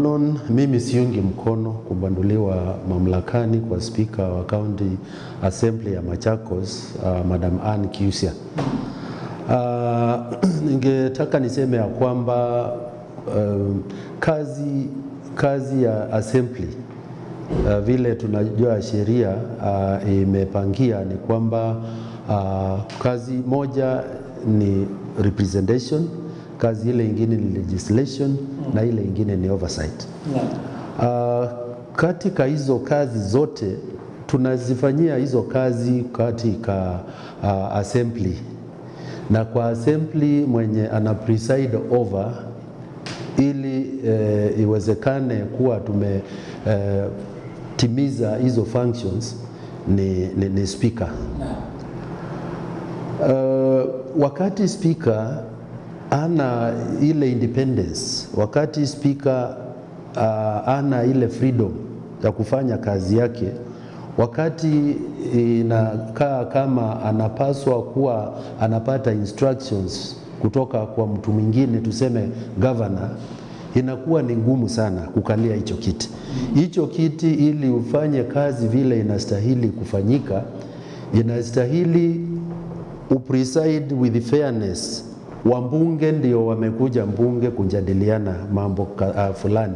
Non, mimi siungi mkono kubanduliwa mamlakani kwa spika wa County Assembly ya Machakos, uh, Madam Ann Kiusya. Uh, ningetaka niseme ya kwamba um, kazi, kazi ya assembly uh, vile tunajua sheria uh, imepangia ni kwamba uh, kazi moja ni representation Kazi ile ingine ni legislation mm. na ile ingine ni oversight yeah. Uh, katika hizo kazi zote tunazifanyia hizo kazi katika uh, assembly na kwa assembly mwenye ana preside over ili uh, iwezekane kuwa tumetimiza uh, timiza hizo functions ni, ni, ni speaker. Uh, wakati speaker ana ile independence, wakati spika uh, ana ile freedom ya kufanya kazi yake, wakati eh, inakaa kama anapaswa kuwa anapata instructions kutoka kwa mtu mwingine, tuseme governor, inakuwa ni ngumu sana kukalia hicho kiti. Hicho kiti ili ufanye kazi vile inastahili kufanyika, inastahili upreside with fairness mbunge ndio wamekuja mbunge kujadiliana mambo uh, fulani